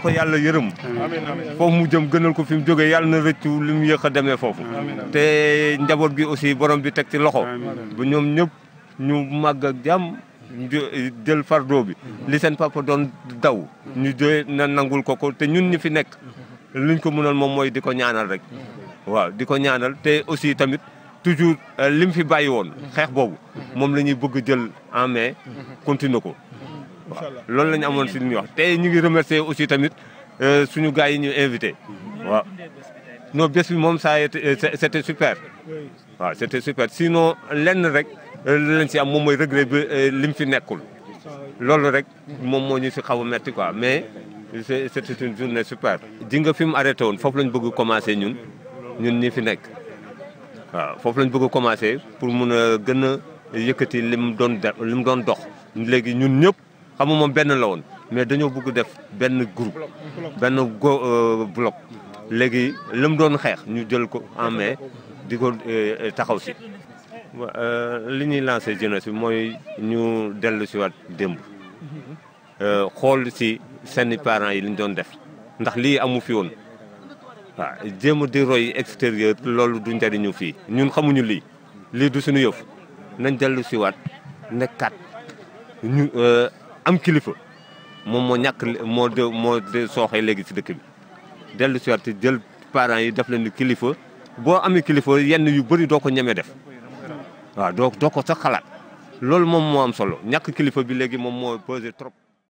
ko yàlla yërëm foofu mu jëm gënal ko fi mu jóge yàlla na rëccu li mu yëq demee foofu te njaboot gi aussi borom bi teg ci loxo ba ñoom ñëpp ñu màgg ak jàmm jël fardeau bi li seen papa doon daw ñu jël na nangul ko ko te ñun ñi fi nekk liñ ko mënal moom mooy di ko ñaanal rek waaw di ko ñaanal te aussi tamit toujours euh, li mu fi bàyyi woon xeex boobu moom la ñuy bëgg jël en main ko waaw loolu la amoon si lu wax te ñu ngi remercier aussi tamit euh, suñu gars yi ñu invité waaw noo bés bi moom ça euh, c' était super waaw c' était super sinon lenn rek euh, lañ si am moom mooy regret bi lim fi nekkul loolu rek moom moo ñu si xaw a metti quoi mais c' était une journée super ji nga fi mu arrêté woon foofu lañ bëgg commencé ñun ñun ñi fi nekk waaw foofu lañ bëgg commencé pour mun a gën a yëkkati lim doon li mu doon dox léegi ñun ñëpp xam nga moom benn la woon mais dañoo bëgg def benn group benn go euh, bloc léegi la mu doon xeex ñu jël ko en mai di ko euh, taxaw si euh, li ñuy lancé jeunesse bi mooy ñu dellu si waat démb xool si seeni parents yi li ñu doon def ndax lii amu fi woon waaw jéem a di roy extérieur loolu du njëriñu fii ñun xamuñu lii lii du suñu yëf nañ dellu si waat nekkaat am kilifa moom moo ñàkk moo de moo de léegi si dëkk bi dellu si te jël parent yi def leen ni kilifa boo amee kilifa yenn yu bëri doo ko ñemee def waaw doo ko sax xalaat loolu moom moo am solo ñàkk kilifa bi léegi moom moo posé trop